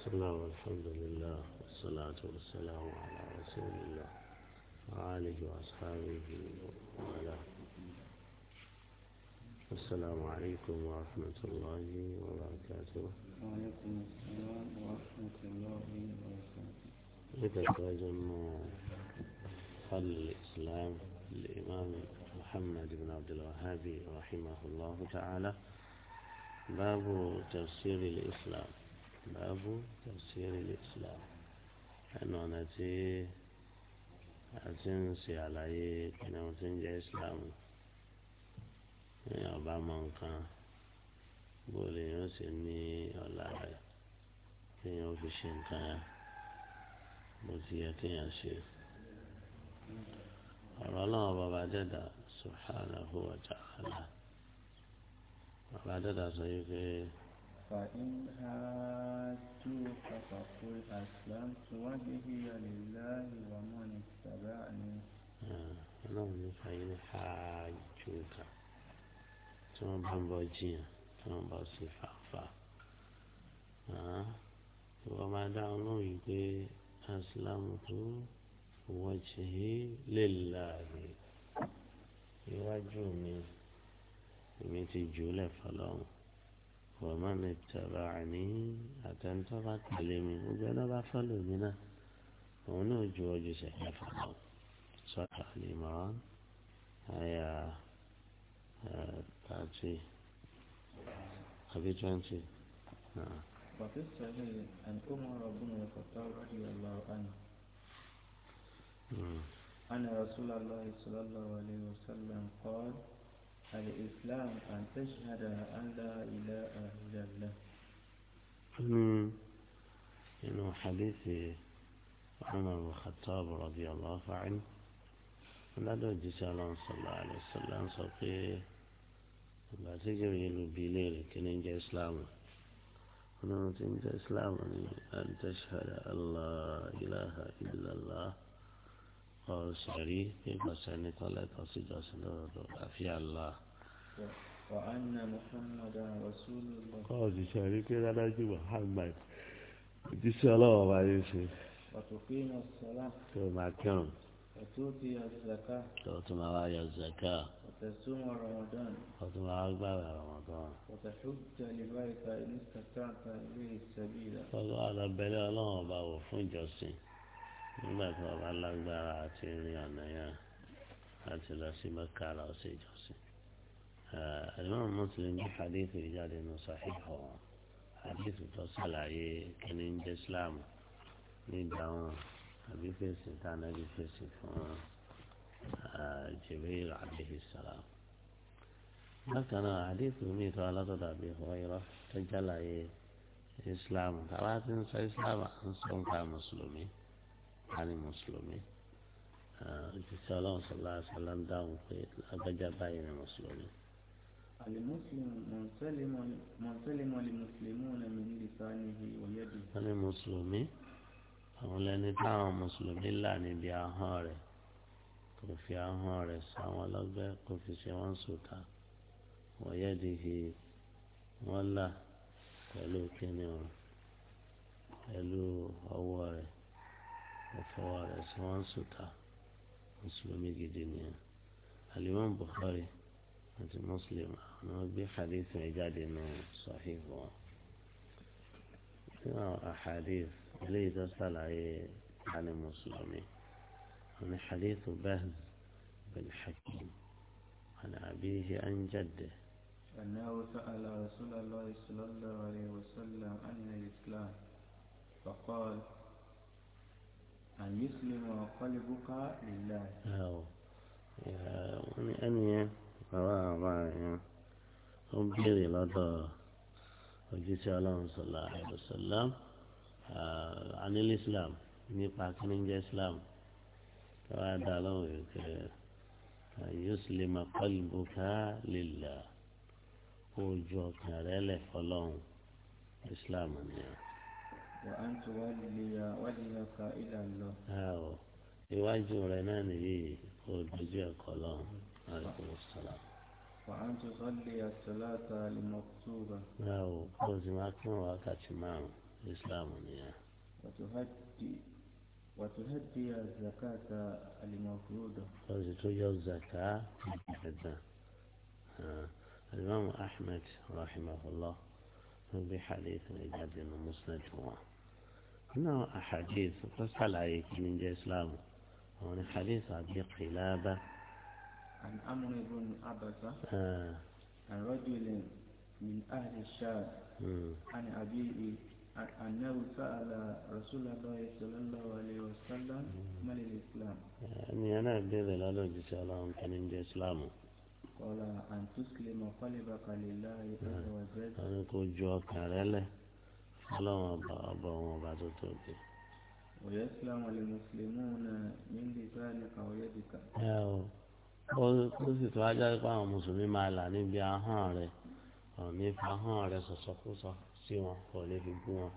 بسم الله والحمد لله والصلاة والسلام على رسول الله وآله وأصحابه وآله السلام عليكم ورحمة الله وبركاته وعليكم السلام ورحمة الله وبركاته إذا ترجم قال الإسلام الإمام محمد بن عبد الوهاب رحمه الله تعالى باب تفسير الإسلام báàbù tafsir al-Islam ẹnu ọ̀nà tí a ti ń ṣe àlàyé kíni wọ́n ti ń jẹ́ islam ní ọba mọ nǹkan bó lè yóò ṣe ní ọ̀la rẹ̀ kéèyàn fi ṣe nǹkan yẹn bó ti yẹ kéèyàn ṣe. ọ̀rọ̀ náà bàbá dẹ́dà subhanahu wa ta'ala bàbá dẹ́dà sọ yìí pé. فإن هاجوك فقل أسلمت وجهي لله ومن اتبعني ọlọ́run ní fàyínà ṣáájú nǹkan tí wọ́n bá ń bọ́ jiyàn tí wọ́n bá sí fàáfàá ìwọ máa dá ọlọ́run yìí pé asilamu tó wọ́n ṣe é lè láàrin iwájú mi èmi ti jù ú lẹ̀ fọlọ́run. ومن اتبعني أتنتظر كلمي وجانا بفعل منا ونوج وجسه يفعل صحيح الإمران هيا آه، تاتي أبي تونتي نعم وفي الصحيح أن أمر الخطاب رضي الله عنه أن رسول الله صلى الله عليه وسلم قال الإسلام أن تشهد أن لا إله إلا الله إنه حديث عمر الخطاب رضي الله عنه لا دوجي صلى الله عليه وسلم صفي لا تجب يلو بليل كننجا إسلام ننجا إسلام أن تشهد ان الله إله إلا الله قال سعري في مساني طلعت أصيد أصيد أفيا الله kọ́ òṣìṣẹ́ rí pé dájú Muhammad òjíṣẹ́ ọlọ́wọ́ bá yé ṣe. tó máa kírun. tó tún máa wá yọ zaka. tó tún máa wá gbàgbà Ramadan. tó tún wá lọ bẹ̀rẹ̀ ọlọ́wọ́ bá wò fún ìjọsìn nígbà tí wọ́n bá lágbára àti ìrìn àná yẹn àti lọ sí Mẹ́kà lọ sí ìjọsìn. الإمام مسلم في حديث رجال إنه صحيح حديث توصل عليه كان عند إسلام ندعو أبي فيسن كان أبي فيسن جبريل عليه السلام لكن حديث مني قال تدع أبي هريرة تجلى الإسلام، إسلام ترى تنسى إسلام أنصر كمسلمين عن المسلمين òjíṣẹ́ ọlọ́run sọ̀lá àṣàlá ń dáhùn pé lágbájá báyìí ni wọ́n ní mùsùlùmí àwọn lẹni táwọn mùsùlùmí là níbi ahọ́n rẹ̀ kò fi ahọ́n rẹ̀ sáwọn lọ́gbẹ́ kò fi ṣe wọ́n sùtà wọ́n yẹ́ di hi wọ́n là pẹ̀lú kíni ọ̀rọ̀ pẹ̀lú ọwọ́ rẹ̀ ọ̀fọwọ́ rẹ̀ sí wọ́n sùtà mùsùlùmí gidi nìyẹn alimami Bukhari àti Muslim بحديث عجاد إنه صحيح أحاديث ليس صلعي عن المسلمين من حديث بهز بن حكيم عن أبيه عن جده أنه سأل رسول الله صلى الله عليه وسلم عن الإسلام فقال أن يسلم قلبك لله أو يعني أن يتواضع ó ń béèrè lọ́dọ̀ ojúṣe ọlọ́run sọ̀lá àdùsọ̀lám anílẹ̀ islam nípa kíníjẹ́ islam tó wá dá lọ́wọ́ ìkẹ́ yuslima qalbuka lillah kó ojú ọkàn rẹ lẹ̀ fọlọ́run islam ni ọ. ìwájú rẹ náà nìyí kó dojú ẹ̀kọ́ lọ́run. Aleykum salaam. وأن تصلي الصلاة المكتوبة أو نعم، فوز معكم وقت معه الإسلام يعني وتهدي وتهدي الزكاة المفروضة فوز تجي الزكاة الإمام أحمد رحمه الله في حديث إجاد المسند هو إنه أحاديث تصل عليك من إسلام هو حديث أبي قلابة عن عمرو بن عبسة عن رجل من أهل الشام عن أبيه أنه سأل رسول الله صلى الله عليه وسلم ما الإسلام يعني أنا بيبي لا لوجس الله كان إسلامه قال أن تسلم قلبك لله عز وجل أنا كنت جواك على الله أبا أبا وما توبي ويسلم المسلمون من لسانك ويدك ó sì tún ajá pé àwọn mùsùlùmí máa là níbi ahọ́n rẹ ọ̀ní fi ahọ́n rẹ sọ̀sọ̀kúsọ sí wọn ọ̀ní fi bú wọn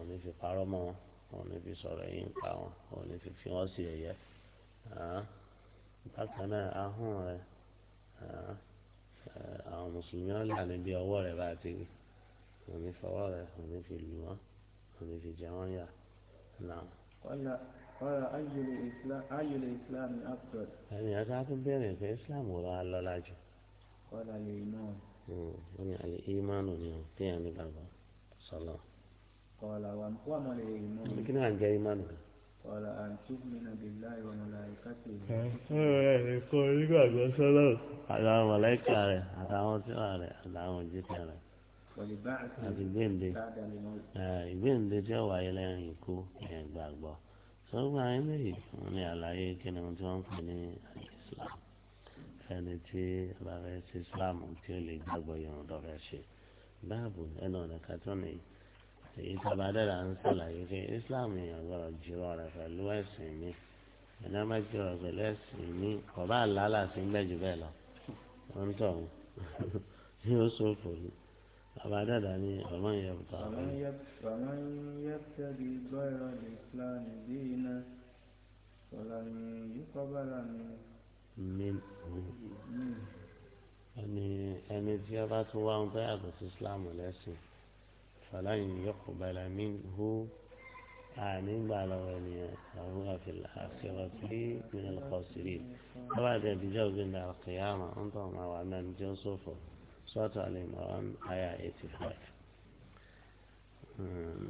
ọ̀ní fi parọ́ mọ́ wọn ọ̀ní fi sọ̀rọ̀ yín pa wọn ọ̀ní fi fi wọ́n sí ẹ̀yẹ bákan náà ahọ́n rẹ àwọn mùsùlùmí ọ̀là níbi ọwọ́ rẹ bá ti rí ọ̀ní fọwọ́ rẹ ọ̀ní fi lù wọ́n ọ̀ní fi jẹ wọ́n yà náà ayọ̀lẹ̀ islam ni afdol. ènìyàn tó a tún bẹ̀rẹ̀ pé islam wò á lọ́la jù. kọ́lá lè iman. wọ́n ní àlè imanu ni o téèyàn ní bàbá sọlọ. kọ́lá wà mọ́ lè iman. kí ni à ń jẹ́ imanu kan. kọ́lá à ń tún mi náà bìlá ìwọ̀n ọ̀la ìkàtì. ọ̀rọ̀ ẹ̀ kọ́ onígbàgbọ́ sọ́lọ̀. àtàwọn mọ̀lẹ́kà sọ́gbà ẹlẹ́yìí wọ́n ní àlàyé kíni ohun tí wọ́n ń pè ní islam ẹni tí bá fẹ́ ṣe islam tí ó lè gbàgbọ́ yòrùn tó fẹ́ ṣe báàbò ẹnu ọ̀nà kàtọ́nì èyí tó bá dára ń sàlàyé pé islam èèyàn gbọ́dọ̀ jìrọ̀ rẹ̀ pẹ̀lú ẹ̀sìn mi ẹni wọ́n bá jìrọ̀ rẹ̀ pẹ̀lú ẹ̀sìn mi kò bá làálàá sí gbẹ̀jù lọ wọ́n ń tọ̀ yóò ṣòfò yìí. أبا دادني ومن يبتغي فمن يبتغي غير الإسلام دينا ولن يقبل منه أني أني جابت وان ضيعت الإسلام وليس، فلن يقبل منه آمين بالغنية وهو في الآخرة من الخاسرين وبعد بجوز القيامة أنتم أو أمام جنسوفه sọ́ọ̀tù alimọ̀rán aya eighty five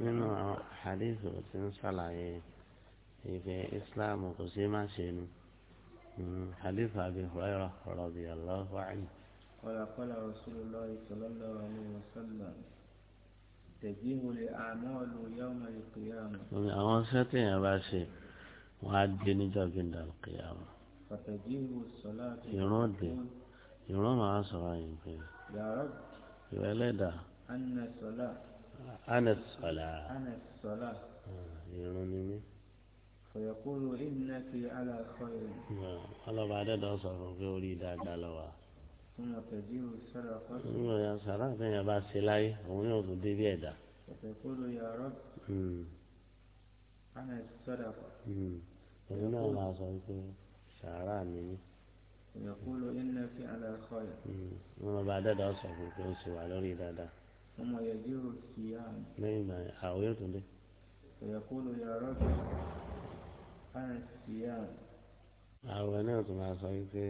nínú àwọn hadith tí ń ṣàlàyé ìfẹ́ islam kò sí má ṣe nu hadith abi hurairah radiyallahu anhu. قال قال رسول الله صلى الله عليه وسلم تجيب الأعمال يوم القيامة. àwọn sẹ́tẹ̀ yẹn bá ṣe wọ́n á dé níjọ́ gbẹ̀ndà kìyàmù. فتجيب الصلاة. ìrún dé ìrún màá sọ̀rọ̀ yìí pé ìwé ẹlẹ́dà anasọ́lá hmm, irun ni mí. fọ̀yọ̀kúrú ìnàkì alákọ̀ọ́yọ̀. ọlọ́ba adẹ́dọ̀ sọ̀rọ̀ pé orí dáadáa lọ wa. nígbà yà sàrà àtẹ̀yìn bá ṣe láyé òun yóò tún dé bí ẹ̀dá. fọ̀yọ̀kúrú yàrá anasọ́lá. òun náà máa sọ pé sàrà mi ni yaqulu inna fi'la khayr. wọn hmm. bá dáadáa sọ fún pé ó sì wà lórí dáadáa. ọmọ yẹn jírò sí i àná. lẹ́yìn ìgbà àwọn yóò tún dé. yaqulu ya rabbi àrùn sí i àná. àwẹ̀ náà tún máa sọ wípé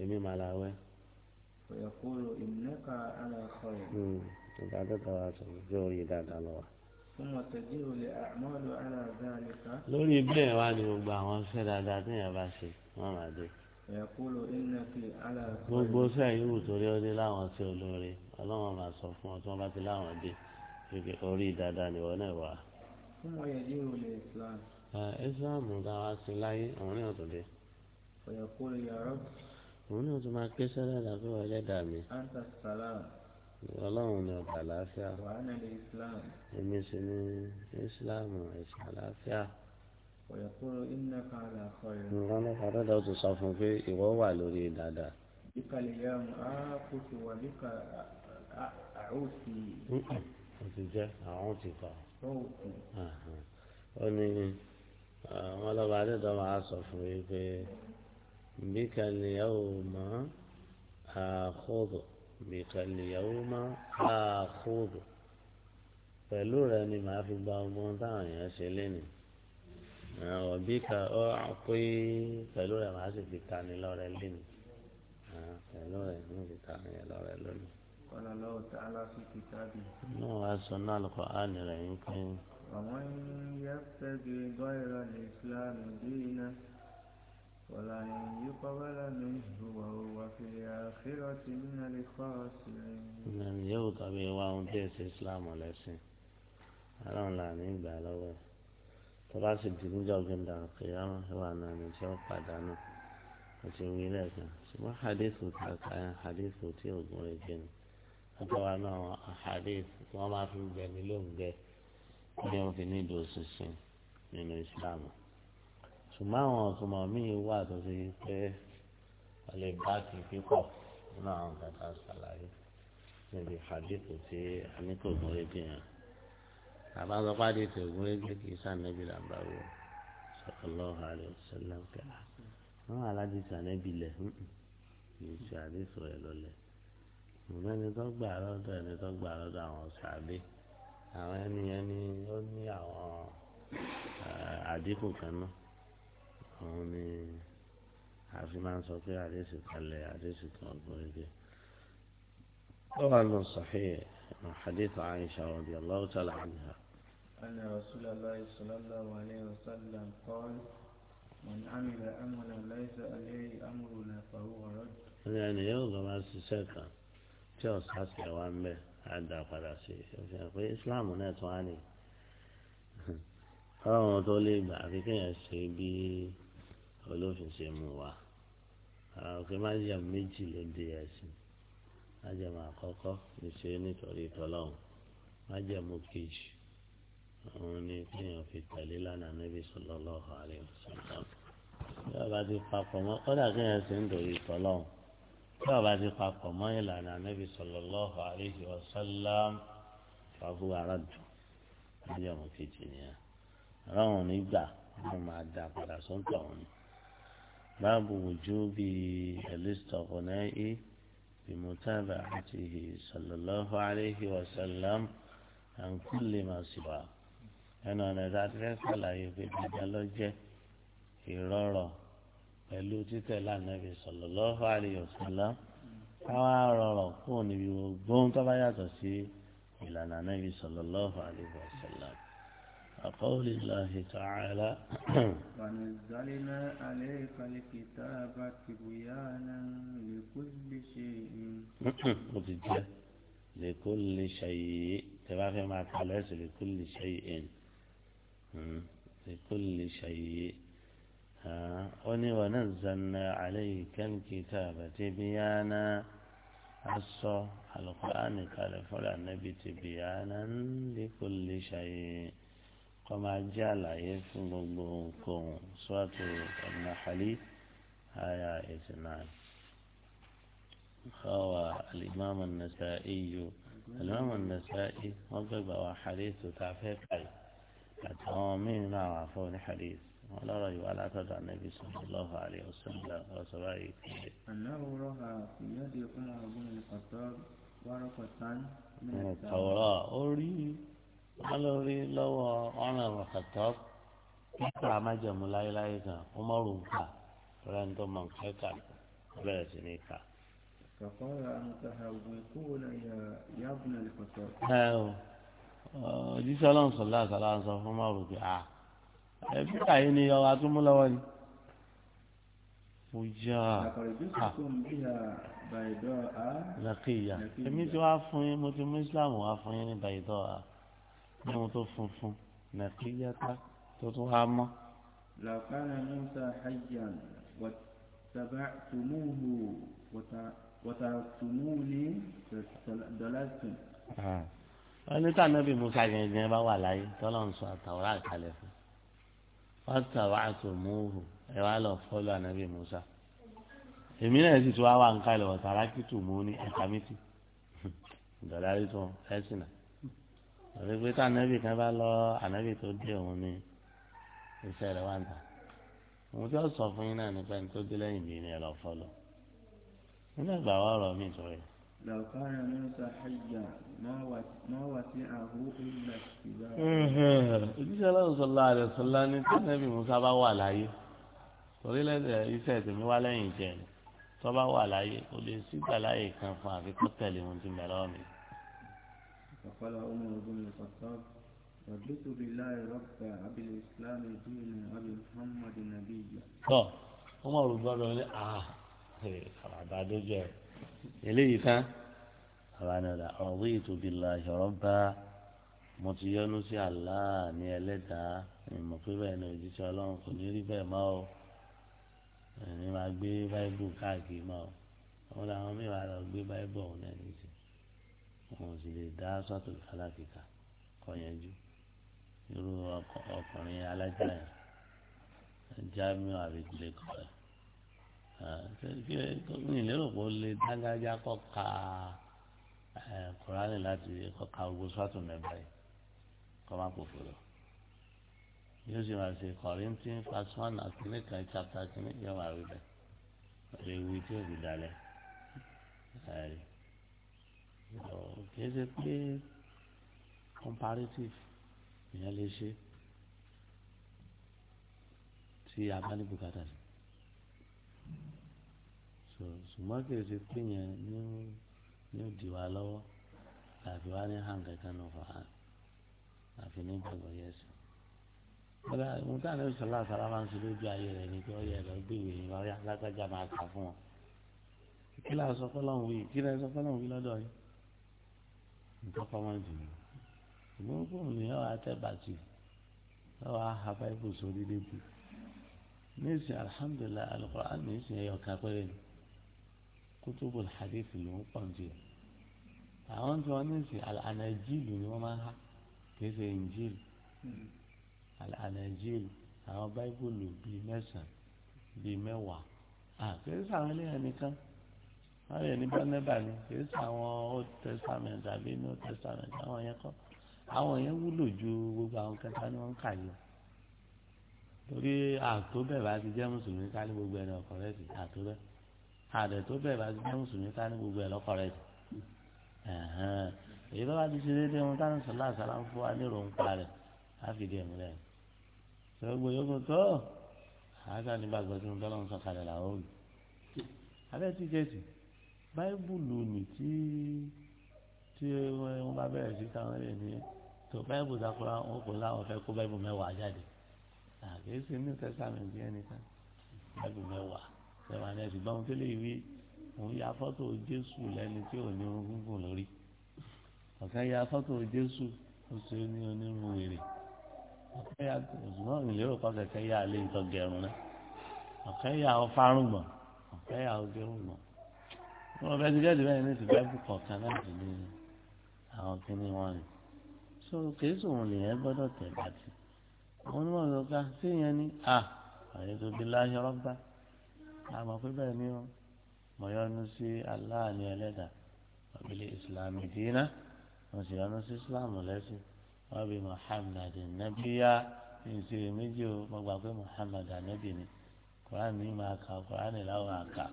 èmi màá la wẹ̀. yaqulu innaka ala khayr. ọba dáadáa wà sọ fún pé ó rí dáadáa lọ wa lórí bẹ́ẹ̀ wá ní gbogbo àwọn ṣẹ́ dáadáa téèyàn bá ṣe wọ́n máa dé gbogbo sẹ́yìn wù torí ó dé láwọn sí olóore ọlọ́run máa sọ fún ọ tí wọ́n bá ti láwọn dé orí dáadáa ni wọ́n náà wà. islam dáwà sí láyé àwọn ní ọ̀tún dé. òun náà tún máa ké sẹ́lẹ̀ lábẹ́ wọlé dà mí. ọlọ́run ni ọ̀tà àlàáfíà. èmi sì ni islam ẹ̀sìn àlàáfíà. ويقول إنك على خير نعم هذا لو تصفن في إيوه على دادا بك اليوم آكل وبك أعوتي أعوتي أعوتي ó ní wọn lọ́ba adédọ́ máa sọ fún yín pé bí kàlíyàwó mọ́ àkóòdù bí kàlíyàwó mọ́ àkóòdù pẹ̀lú rẹ ni màá fi gba ọgbọ́n táwọn èèyàn ṣe lénìí òbí ka ọ àpé pẹ̀lú rẹ̀ màá sì fi ta ni lọ́rẹ̀ lónìí pẹ̀lú rẹ̀ màá fi ta ni lọ́rẹ̀ lónìí. kọ́lá lọ́wọ́ tá a lọ sí kìtàbí. náà wàá sọ náà lọ́kọ̀ á ní rẹ̀ ń pín. àwọn yẹn fẹ́ bí gbọ́yìí ní Islam dínà wọ́lá yìí kọ́bálà mi ìhùwà òwà fìlẹ̀ àfihàn ti ní alẹ́ kọ́ sílẹ̀. nàìjíríà tàbí wá ohun tí èsì Islam lẹ́sìn aláwọn làní ìgbà lọ́wọ́ tó bá sì di níjọ́ gbẹ̀ndà kìyàmù ìwà náà ni tí ó pàdánù àti wí lẹ́ẹ̀kan ṣùgbọ́n hadithu ta kàyà hadithu tí oògùn rẹ̀ jẹ́ ni ọjọ́ wa náà wọn hadith wọn máa fi gbẹ ní lóńgbẹ bí wọn fi ní ìdò ṣinṣin nínú Islam ṣùgbọ́n àwọn ọ̀túnmọ̀ míì wà tó ṣe pé wọ́n lè bá kì pípọ̀ nínú àwọn kàtà ṣàlàyé níbi hadithu tí a ní kò gún régé yẹn àbá sọ pé àdìsí ògùn régé kì í sànẹ́bí là ń bá wò sallallahu alaihi wasallam ká wọn aládì sànẹ́bí lẹ̀ kì í ṣe àdìsí rẹ̀ lọ́lẹ̀ ṣùgbọ́n ẹni tó gbà lọ́dọ̀ ẹni tó gbà lọ́dọ̀ àwọn sàbẹ̀ àwọn ẹni ẹni ó ní àwọn àdínkù kan òun ni àfi máa ń sọ pé àdìsí kan àdìsí kan ọgbọ́n régé. هو أنه صحيح حديث عائشة رضي الله تعالى عنها أن رسول الله صلى الله عليه وسلم قال من عمل عملا ليس عليه أمرنا فهو رد يعني يوضع ما سيسكا تيوس حسك وامه عدا فراسي في إسلام ناس واني قام تولي بعد كي يسيبي olófin ṣe mú wa àwọn kí n má yà májẹ̀mú àkọ́kọ́ ìṣe nítorí tọ́lọ́hún májẹ̀mú kejì òun ni kéèyàn fi tẹ̀lé lánàá níbi sallallahu alaihi wasallam bí ọba ti papọ̀ mọ́ kọ́dà kéèyàn sì ń dòrí tọ́lọ́hún bí ọba ti papọ̀ mọ́ ìlànà níbi sallallahu alaihi wasallam fàbú aráàlú májẹ̀mú kejì nìyẹn ráwọn nígbà wọn máa dà padà sọ́ńtọ̀ wọn ni báàbù wujubi al-istighna'i. بمتابعته صلى الله عليه وسلم عن كل ما سواه أنا نزعت فيك لا يفيد جلوجة إرارة pẹ̀lú títẹ̀lé ànábì sọ̀lọ́lọ́hùn àlèyọ̀sọ́lá káwá rọrọ̀ kúrò níbi gbóhùn tó bá yàtọ̀ sí ìlànà ànábì sọ̀lọ́lọ́hùn àlèyọ̀sọ́lá. كقول الله تعالى ونزلنا عليك الكتاب تبيانا لكل شيء لكل شيء تبعي مع الحلاس لكل شيء لكل شيء وني ونزلنا عليك الكتاب بيانا الصو القرآن قال فلان النبي تبيانا لكل شيء kọ́ جعل jẹ́ àlàyé fún gbogbo nǹkan sọ́ọ̀tù ẹ̀nàhálí àyà eighty nine. الإمام النسائي الإمام النسائي وقب وحديث تعفيق أي مع عفون حديث ولا رأي ولا تدع النبي صلى الله عليه وسلم وسبعي أنه رأى في يد عمر بن الخطاب ورقة من التوراة أريد wọ́n lọ rí lọ́wọ́ ọ̀ràn ọ̀kàtọ́ nípa àmájẹ̀mú láéláé kan wọ́n mọ̀ rò ń kà rẹ̀ ń tó mọ̀ ń kẹ́kà bẹ̀rẹ̀ sí ní kà. òjíṣẹ́ ọlọ́run sọ̀lá àkàlà ń sọ fún ni ọ̀rọ̀ àtúmú lọ́wọ́ ni. mo já a nàkìyà èmi ti wá fún yín mo ti mú Islam wá fún yín ní bàyìí tọ́ ní wọn tó funfun nàkíyàtà tó tún wá mọ́. làkàrà musa hayyan wàtàbàtùmùhù wàtàtùmùhù dọ̀làtùn. wọ́n ní tànàbí musa gẹ̀gẹ́ bá wà láyé tọ́lọ̀ ń sọ àtàwọn àkàlẹ̀ fún wàtàbàtùmùhù ẹ wá lọ fọ́lọ́ ànàbí musa èmi náà sì tún wá wà ń kalẹ̀ wàtàràkìtùmù ní ẹ̀ka mítì dọ̀làtùn ẹ̀sìn náà àti pé tá ànábì kan bá lọ ànábì tó dé òun ni iṣẹ́ rẹ̀ wà ń tà òun tí ó sọ fún yín náà nípa ẹni tó dé lẹ́yìn bíi ní ẹ lọ fọlọ nínú ìgbà wa ọ̀rọ̀ mi tó rẹ̀. làkàrà mọ́sá àyà máa wà sí àhó ìlà ìgbà. ojúṣe aláwọ̀ sọlá rẹ̀ sọlá ní tánẹ́bì musa bá wà láyé torí lẹ́sẹ̀ iṣẹ́ tèmi wá lẹ́yìn jẹ́ tó bá wà láyé kò lè sígbà láyè kan fún àfikún tẹ̀lé ohun tí mẹ́rọ̀ mi. وقال عمر بن الخطاب رضيت بالله ربا وبالاسلام دينا وبمحمد نبيا. tọ́ Umar gbọ́dọ̀ ní àbá lójú ẹ̀ eléyìí tán àbánilá raditu billahi rabba mo ti yọ́nú sí Allah ní ẹlẹ́dàá ìmọ̀ pé bẹ́ẹ̀ ni òjíṣẹ́ ọlọ́run kò ní rí bẹ́ẹ̀ máa o ẹni máa gbé báíbù káàkiri máa o àwọn làwọn mìíràn lọ gbé báíbù ọ̀hún náà níṣẹ́ wọn ò sì lè dá sọ́tò alákìíká kọ̀yẹ́jú irú ọkùnrin alájà yẹn jamiu àbíkílẹ̀ kọ̀ọ̀ẹ́ ní ìlérò pé ó lè dágájá kọ́ ka kùránì láti kọ́ ka gbogbo sọ́tò mẹ́bàá yìí kọ́ má pòfò lọ yóò sì máa ṣe Corinthian verse one kan chapter kìíní yóò máa rí bẹ́ẹ̀ lè wí tí ò fi dalẹ̀ ẹ̀rí kìí ṣe pé comparative ìyẹn lè ṣe tí a bá ní bùkátà sí so ṣùgbọ́n kìí ṣe pé yẹn ní ní di wa lọ́wọ́ làbí wa ní hàn kankan ní ọ̀fà àfi ní gbàgbọ́ yẹn sí kódà ohun tí àná ìṣọ̀lá àṣàrà máa ń ṣe lójú ayé rẹ̀ ni pé ọyẹ rẹ̀ gbé ìwé yẹn wáyà lágbájá máa kà fún wọn kí lóò sọ fọlọ́hún wí kí lóò sọ fọlọ́hún wí lọ́dọ̀ yìí ntọ́kọ́ máa jù lọ ṣùgbọ́n fóun ni ọ̀ àtẹ̀bàtì ọ̀ àhà báyìí sórí débi nísìnyí alihamdulilayi alukóran nísìnyí ẹ̀yọ̀ kápẹ́rẹ́ ni kútùbù hadith ló ń pọ̀ jù àwọn tí wọ́n nísìnyí alànàjíìlù ni wọ́n máa ń ha kì í ṣe ìnjíìlù alànàjíìlù àwọn báíbùlù bíi mẹ́sàn-án bíi mẹ́wàá àkèrè sàwọn nìkan àwọn yẹn ní bánẹ́bà ni kìí sọ àwọn old testament àbí new testament àwọn yẹn kọ́ àwọn yẹn wúlò ju gbogbo àwọn kẹta ni wọ́n ń kà yìí torí àtó bẹ́ẹ̀ bá ti jẹ́ mùsùlùmí ká ní gbogbo ẹni ọkọ̀ rẹ̀ sí àtó bẹ́ẹ̀ àdè tó bẹ́ẹ̀ bá ti jẹ́ mùsùlùmí ká ní gbogbo ẹ̀ lọ́kọ̀ rẹ̀ sí èyí tó bá ti ṣe déédéé wọn táwọn sọlá àṣàlá ń fún wa ní ìròǹpa rẹ̀ á fi dé ìmúlẹ̀ rẹ̀ sọgbó yókù tó àá sá nígbàgbọ́ tí mo bẹ́ẹ̀ lọ́n sọ kalẹ̀ làwọn òbí abẹ́ tíkẹ́ẹ̀tì báíbùlù ni tí tí wọ́n bá bẹ̀rẹ̀ sí táwọn lè ní tó báíbù dákúrá wọn kò láwọn fẹ́ kó báíbù mẹ́wàá jáde àkẹ́sì ní tẹ́sàmẹ̀tì ẹnìkan báíbù mẹ́wàá sẹ̀wọ̀n ẹ̀ ṣùgbọ́n tó lè wí òun ya fọ́tò jésù lẹ́ni tí ò ní orun gùn lórí ọ̀kan ya fọ́tò jésù ó ṣe ní onírun wèrè ọ̀kan ya ṣùgbọ́n ìlérò kan kẹ̀kẹ́ ya alẹ́ ìtọ́gẹ̀rún náà ọ̀kan ya ọ̀fárùngbọ̀n ọ̀kan ya ọ̀gẹ̀rùngbọ̀n wọn bẹ ti jáde bẹ́ẹ̀ ní ìsìnkú ẹ̀bùkọ̀ kan láti ní àwọn kìíní wọn ni so kìí sòun lèyẹn gbọ́dọ̀ tẹ̀ bàtì àwọn onímọ̀ ọ̀dọ́ ká sí ìyẹn ni à ah, àyè tó bí láyé rọ́gbà àmọ́ pé bẹ́ẹ̀ ni mo yọnu sí aláàánú ẹlẹ́dà ọ̀bílẹ̀ ìsìlámù dínà mo sì yọnu sí ìsìlámù lẹ́sìn wọ́n bí Muhammad nàbíyá ìṣèlè méjì o mo gbà pé Muhammad ànábì ni kùránì máa kà kùránì láwọn àkà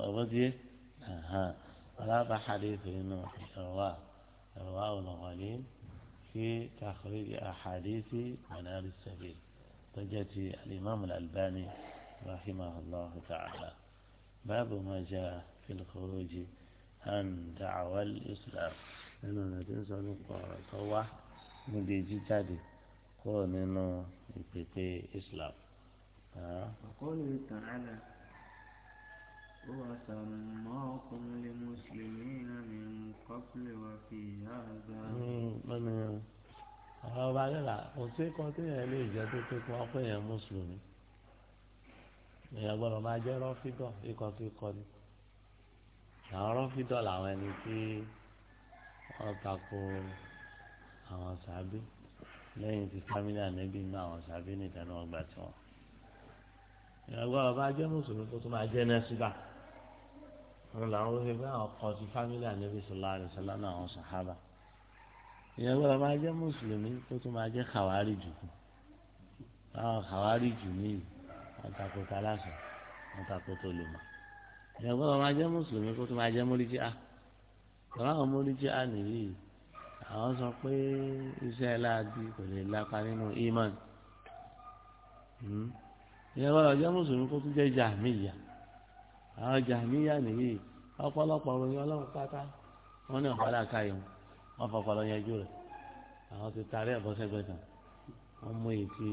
ọ̀rọ̀ bó ti ولا حديث إنه الرواء الرواء الغليل في تخريج أحاديث منار السبيل تجت الإمام الألباني رحمه الله تعالى باب ما جاء في الخروج عن دعوى الإسلام لأننا تنسى نقرأ طوح نديجي جادي قول إنه إسلام وقوله تعالى وسماكم لمسلمين من قبل وفي هذا من hmm, àwọn ọba rírà kò sí kan téèyàn lè jẹ tó pé kí wọn pè yẹn mùsùlùmí èèyàn gbọ́dọ̀ máa jẹ rọfídọ ikọ tó kọ ni àwọn rọfídọ làwọn ẹni tí wọn tako àwọn sàbí lẹ́yìn tí fámílì ànẹbí ní àwọn sàbí nìkan ní wọn gbà tí wọn èèyàn gbọ́dọ̀ máa jẹ mùsùlùmí kó tó máa jẹ nẹsùbà wọn làwọn wọ́n fi pé àwọn kọ́ sí fámílì ànábì sọlá àdìsọlá náà àwọn sàhábà ìyẹn gbọ́dọ̀ máa jẹ́ mùsùlùmí kó tó máa jẹ́ kàwárì jù kù àwọn kàwárì jù míì àtàkùtà lásán àtàkùtà olùmọ̀ ìyẹn gbọ́dọ̀ máa jẹ́ mùsùlùmí kó tó máa jẹ́ mọ́líjì á tọ́lá àwọn mọ́líjì á nìyí àwọn sọ pé iṣẹ́ láàbí kò lè lápá nínú ìmánì hmm? ìyẹn gbọ́dọ̀ jẹ́ mùsùlùmí kó tó jẹ́ jàmíyà àwọn jàmíyà nìyí ọ̀pọ̀lọpọ̀ ròyìn Ọlọ́run pátá wọn ní ọ̀pọ̀ aláka yìí wọn fọpọlọ yanjú rẹ àwọn ti tarí ẹbọsẹgbẹ kan wọn mú èyí tí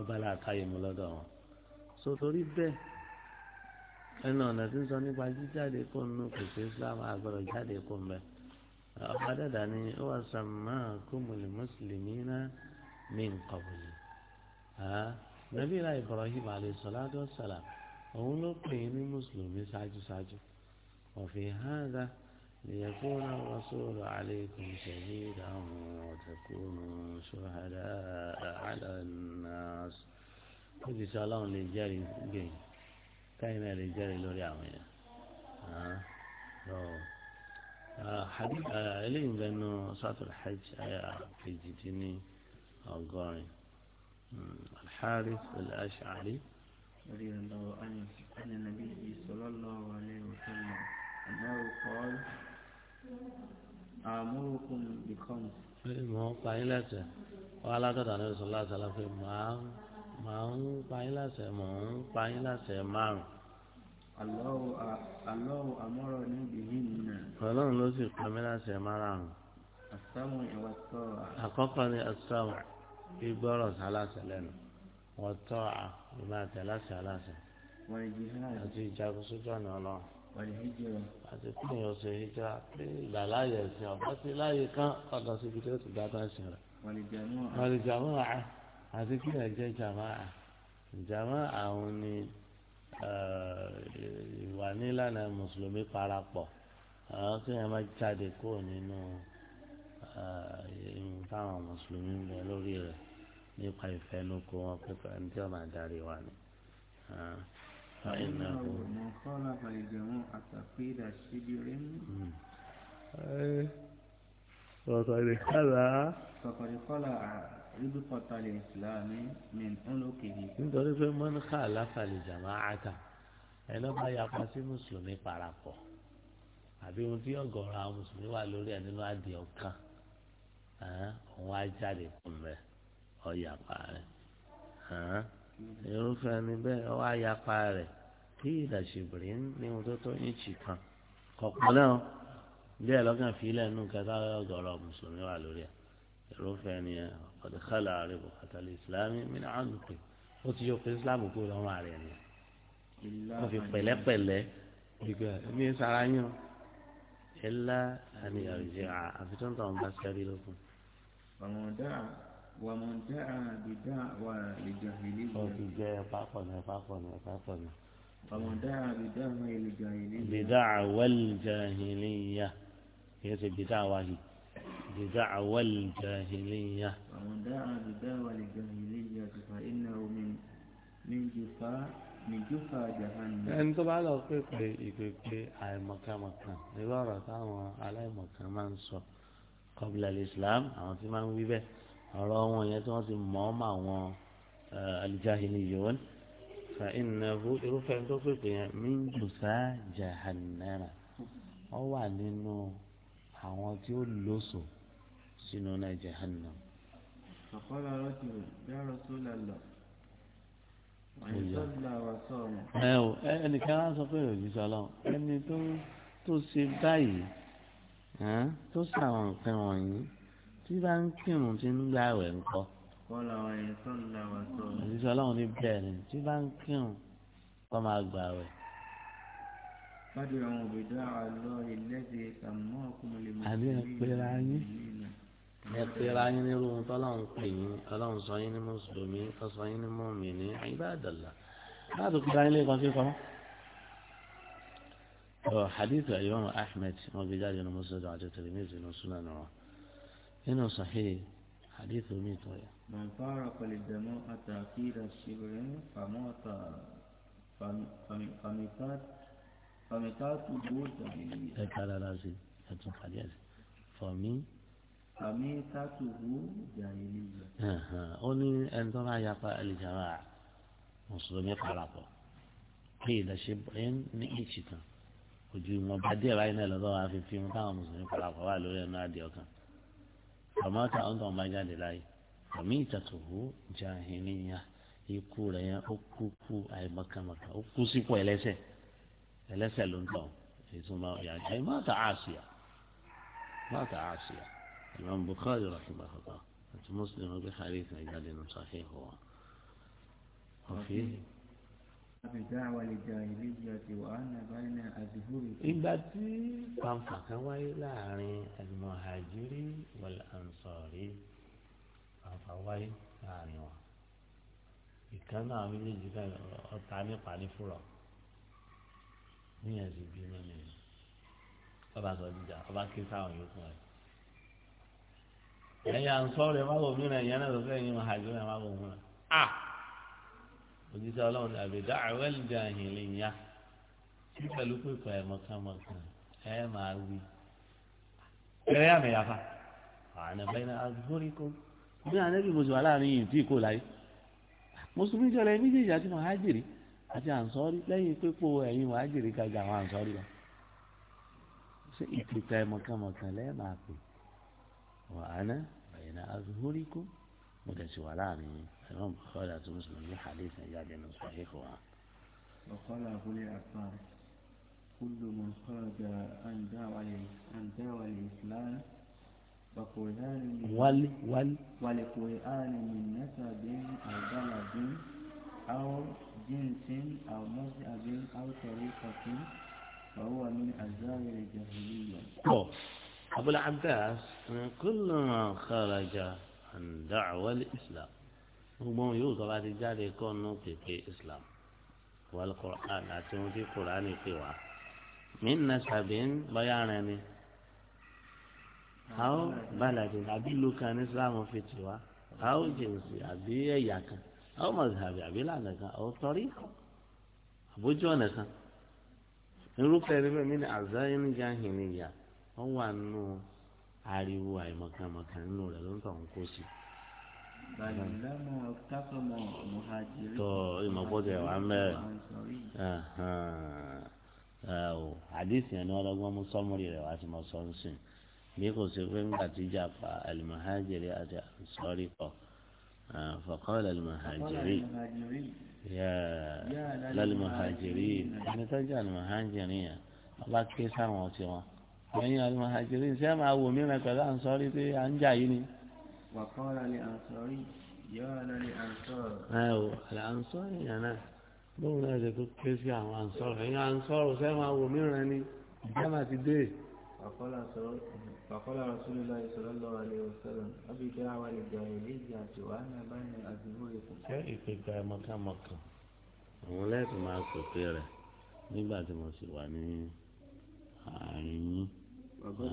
ọba aláka yìí mú lọ́dọ̀ wọn. sotori bẹ́ẹ̀ ẹnu ọ̀nà tí ń sọ nípa jíjáde kó nínú kòsí Islam àgbọ̀dọ̀ jáde kó mbẹ ọba dàda ni ó wà sàmà kúmùlì mùsùlùmí náà ní nkọ̀bùlì. nàbí ilà Ibrahim alayhi salatu wa salam. قول القيم مسلم ساجو ساجو وفي هذا ليكون الرسول عليكم شهيدا وتكونوا شهداء على الناس كذي سالون لجاري جين كاينة لجاري لوري عمينا ها حديث علم بأنه صلاة الحج آية في جديني الغاين الحارث الأشعري رضي الله عنه عن النبي صلى الله عليه وسلم أنه قال أمركم بخمس mo pa yín lẹ́sẹ̀ wọ́n alátọ̀dà ní sọ́lá sàlá pé màá màá ń pa yín lẹ́sẹ̀ mò ń pa yín lẹ́sẹ̀ márùn. Allahu àmọ́rọ̀ níbi yìí nà. Ọlọ́run ló sì pa mí lẹ́sẹ̀ márùn. Àkọ́kọ́ ni asámù ìgbọ́rọ̀ sálásẹ̀ lẹ́nu wọ́n tọ́ a ìmọ̀ àtẹ̀láṣẹ̀ aláṣẹ̀ àti ìjagun sójú ọ̀nà ọlọ́run àti kí ni ọ̀sẹ̀ ìjà pé ìgbà láàyè ẹ̀sìn ọ̀bá sí láàyè kan ọ̀dọ̀ síbi tí ó ti gbá tán ẹ̀sìn rẹ̀. wàlìjàmọ́ a àti kí ni ẹ̀jẹ̀ jàmọ́ a jàmọ́ àwọn ni ìwà nílànà mùsùlùmí parapọ̀ àwọn tí wọ́n máa jáde kúrò nínú nǹkan àwọn mùsùlùmí lórí rẹ̀ nípa ìfẹnukò wọn pípa ẹni tí wọn máa darí wa ni. فقد خلع فقد خلع ربقة الإسلام من أنقه nítorí pé من خالف الجماعة ẹni bá yapa sí mùsùlùmí parapọ̀ àbí ohun tí ọ̀gọ̀rọ̀ àwọn mùsùlùmí wà lórí ẹ̀ nínú adìẹ ọ̀kan ah, òun á jáde kùn rẹ̀ ọ̀yàpá rẹ̀ hàn irúfẹ́ ni bẹ́ẹ̀ ọwọ́ àyàpá rẹ̀ kí ìdàṣìbìrì ní ohun tó tó ìnṣì kan kọ̀pọ̀ náà bí ẹlọ́gàn fílẹ̀ nù kẹta ọgọ̀rọ̀ mùsùlùmí wà lórí ẹ̀ irúfẹ́ ẹni ẹ̀ ọ̀dẹ̀kálà rẹ̀ bùkátàlẹ̀ ìsìlámì mìíràn àgùkè ó ti yọ pé ìsìlámù kúrò lọ́rùn ààrẹ ni wọ́n fi pẹ̀lẹ́pẹ̀lẹ́ gbígbà ẹ̀mí sara yín o ẹ̀la àni àrùjẹ àfitọ́ntàn bá sẹ́rí lókun. ومن دعا بدعوى لجاهلية ومن دعا بدعوى لجاهلية بدعوى الجاهلية هي بدعوى بدعوى الجاهلية ومن دعا بدعوى الجاهلية فإنه من من جفاء ẹni tó bá lọ pèpè ìpèpè àìmọ̀kàmọ̀kàn nírú ọ̀rọ̀ táwọn aláìmọ̀kàn máa ń sọ kọ́bílẹ̀ islam àwọn tí máa ń wí bẹ́ẹ̀ ọ̀rọ̀ wọn yẹn tí wọ́n ti mọ̀ ọ́mọ àwọn alijahiliyon fa innahu irúfẹ́ tó pèpè yẹn min jusa jahannama wọ́n wà nínú àwọn tí ó lóso sínú náà jahannam. فقال رجل يا رسول الله ẹ ò ẹnìkan á sọ pé òjíṣẹ́ Ọlọ́run ẹni tó tó ṣe báyìí tó ṣe àwọn nǹkan wọ̀nyí tí bá ń kírun tí ń gbà wẹ̀ ńkọ́. kọ́lá wa yẹn tó ń la wa tó. àṣìṣe ọlọ́run ní bẹ́ẹ̀ ni tí bá ń kírun kọ́ máa gbà wẹ̀. fàdí àwọn òbèdó àwọn lọ ìlẹ́sẹ̀ kàmú ọkùnrin lè mú. àbí ẹ pera yín ẹ pera yín nírú ohun tọ́lọ́run pè yín ọlọ́run sọ yín ní mùsùlùmí ó yín ní mùmínì ìbádàlá láti pera yín lẹ́ẹ̀kan sí kọ́. حديث الإمام أحمد وبجاج مسلم عن التلميذ من سنن nínú sàhíì hadithu mi tó yẹ. من فارق الجماعة تأكيد الشبر فمات فمتات فمتات بوت جاهلية. لا لا زين هاتون حديث فمي فمتات بوت جاهلية. أني أن ترى يقع الجماعة مسلمي قرابة قيل شبر من إيش ojú wọn bá díẹ̀ báyìí náà lọ́dọ̀ wa fi fi wọn táwọn mùsùlùmí parapọ̀ wà lórí ẹnu adìẹ ọkàn àmọ́ tí àwọn tó ń bá jáde láyé àmì ìtàtòwò jahiliya ikú rẹ̀ yẹn ó kú kú àìmọ̀kànmọ̀kà ó kú sípò ẹlẹ́sẹ̀ ẹlẹ́sẹ̀ ló ń tọ̀ ìtumọ̀ ìyàjẹ́ má ta àṣìyà má ta àṣìyà Imam Bukhari rahimahullah àti Muslim ọgbẹ́ xarí ìtàn ìjáde sahih. sàfihàn wọn ìgbà tí pàǹfà kan wáyé láàrin al-muhajiri wal-ansari pàǹfà wáyé láàrin wọn ìkan náà méjèèjì kan ọ̀tá nípa ní fúrọ̀ níyẹn sì bínú ni ọba sọ jíjà ọba ké sáwọn yòókù rẹ ẹ̀yin ansọ́ọ̀rì ẹ̀ má wò mí rẹ̀ ẹ̀yin náà sọ fẹ́ ẹ̀yin muhajiri ẹ̀ má wò mí rẹ̀ ah! òjíṣẹ́ ọlọ́run àbẹ̀dá àwẹ̀lì jàhìlìyà tí pẹ̀lú pípẹ́ mọ̀kànmọ̀kàn ẹ máa wí. ẹ̀rẹ́ àmì yàfa àná bẹ́ẹ̀ni àgbórí kó bí ànábì mùsùlùmí aláàrin yìí tí kò láyé mùsùlùmí jọlọ ẹbí jèjì àti mọ̀hájìrì àti ànsọ́rí lẹ́yìn pípò ẹ̀yìn ممكن سوى لاني هم خلعت مسلم في حديث جاد من صحيح وعن وقال أبو العباس كل من خرج عن دعوة عن دعوة الإسلام وقرآن وال وال ولقرآن من نسب أو بلد أو جنس أو مذهب أو طريقة فهو من أزاير الجاهلية. أبو العباس كل من خرج àǹdàwọ́l islam gbogbo wọn yóò sọ́ba ti jáde kọ́nù pèpè islam wàlùkùrán àti ohun tí kùránì pè wá mí nà sàbín báyà rẹ ni àwọn balàdì àbí lukan islam fi tì wá àwọn jẹ̀nsì àbí ẹ̀yà kan àwọn mọ̀sàbí àbí lànà kan àwọn tọ́rí àbójú ọ̀nà kan irúfẹ́ ẹni bẹ́ẹ̀ mí ni àzáyé ní jáhìn wọ́n wà nù ariwo àìmọ̀kànmọ̀kàn nínú rẹ̀ ló ń tọ̀hún kó sí. tó ìmọ̀kòtò ẹ̀wà mẹ́rẹ̀ ọ̀ àdìsí yẹn ni mú sọ́múrì rẹ̀ wá sí mọ́ sọ́nsìn bí kò sí pé ńgbà tí ìjà alimahajiri àti ansori kọ fọkànlá alimahajiri yà ẹni tó alimahajiri yẹn wọ́n bá ké sáwọn tiwọn ẹ̀yin al-muhajirin ṣé máa wò mí rẹ pẹ̀lú ànsọ́rí pé à ń jà yìí ni. wàkọ́ra ni ànsọ́rí yọ̀ọ́nà ni ànsọ́rọ̀. ẹ o àlẹ́ ànsọ́rí yẹn náà lóun náà ṣe tó pé sí àwọn ànsọ́rọ̀ ẹ̀yin ànsọ́rọ̀ ṣé máa wò mí rẹ ni ìjẹ́ máa ti dé. فقال رسول الله صلى الله عليه وسلم أبي دعوة الجاهلية وأنا بين أزهوركم كيف كان مكان مكة àwọn lẹ́ẹ̀kan máa sọ pé rẹ̀ nígbà tí mo sì wà ní àárín yín òbí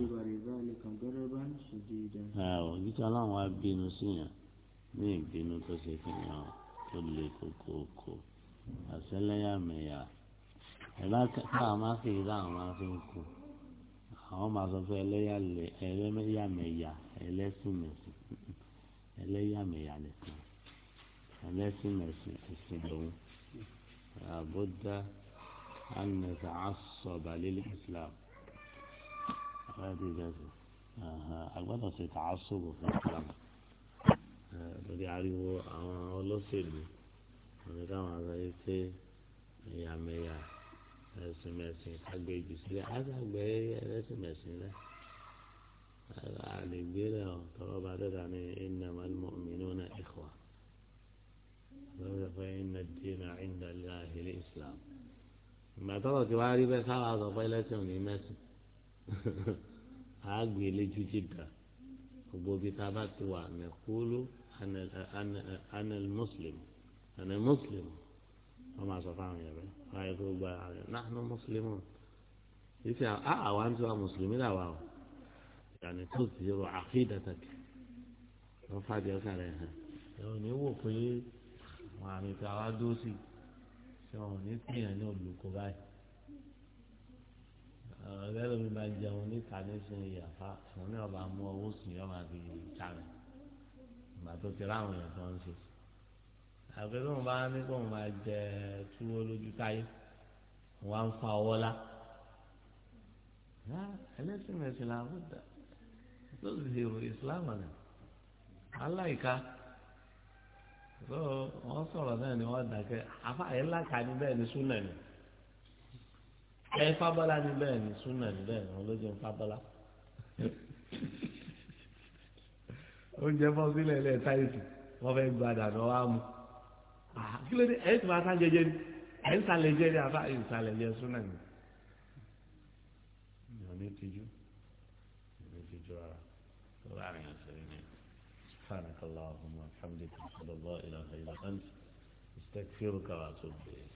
tí aláwọn á bínú síyàn ní ìbínú tó ṣe kìnìún tó le kókóókó àṣẹlẹ́yàmẹ̀yà ẹ̀dá káà máa fi ìdá àwọn máa fi ń kú àwọn máa sọ pé ẹlẹ́yàmẹ̀yà ẹlẹ́sìnmẹ̀sìn ẹlẹ́yàmẹ̀yà nìkan ẹlẹ́sìnmẹ̀sìn ẹ̀sìn lòun àbúdá anẹ̀sà àṣọ̀bàlélẹ́ Islam. ما دي جازم àgbàdo ṣe tà á sòbò fún ìpalàmà lórí ariwo àwọn olóṣèlú òní káwọn aṣọ yìí pé ẹ̀yàmẹ̀yà ẹ̀sìn mẹ̀sìn kágbèjì sílẹ̀ àgbàgbẹ ẹlẹ́sìn mẹ̀sìn rẹ àlègbè rẹ ọ tọrọ bá dẹdà ní innamal mu'minuna ikhwa lórí ẹfẹ inna ad-dina 'inda Allahi al-islam ìgbà tọrọ ti wá rí bẹ́ẹ̀ sáwà sọ pé ẹlẹ́sìn ò ní mẹ̀sìn. àágbé e lójú jìdá gbogbo bí tá a bá ti wà mẹkúlù anil muslim anil muslim wọn máa sọ fáwọn yẹn bẹ wọn àyè kó gba àyè nahnu muslimun ìfẹ àwa ń tiwa mùsùlùmí làwà o yàní tó ti yẹ wọ wọn fàdí ọkà rẹ hàn ẹwọn ní wò pé àwọn àmì tí a wá dó sí ṣé wọn ò ní pèèyàn ní olùkọ́ báyìí. níta ní fi ń yàfa àwọn ní ọba mú owó sùn yọ máa fi ta rẹ ìgbà tó ti ráwọn èèyàn tó ń ṣe àgbẹ tó ń bá ní kó ń máa jẹ túwó lójú táyé wọn ń fa ọwọ́ lá ah, ẹlẹ́sìn mẹ́sìn làwọn dà tó sì lè wọ ìsìláàmù náà aláìka tó wọ́n sọ̀rọ̀ náà ni wọ́n dàkẹ́ afáàyè ńlá kan bẹ́ẹ̀ ni súnà ni ẹ fábọ́lá ni bẹ́ẹ̀ ni súnà ni bẹ́ẹ̀ ni olójú ń fábọ́lá. oúnjẹ bọ́ sílẹ̀ ilẹ̀ táyìsì wọ́n fẹ́ gba dànù wá mu. kí ló dé ẹ̀ ń máa sá jẹjẹ ni ẹ̀ ń sàlẹ̀ jẹ ni àfa ìsàlẹ̀ jẹ súnà ni. ìyọ̀ ní tijú ìyọ̀ ní tijú ara tó bá rìn àṣẹ ni. سبحانك اللهم وبحمدك اشهد ان لا اله الا انت استغفرك واتوب اليك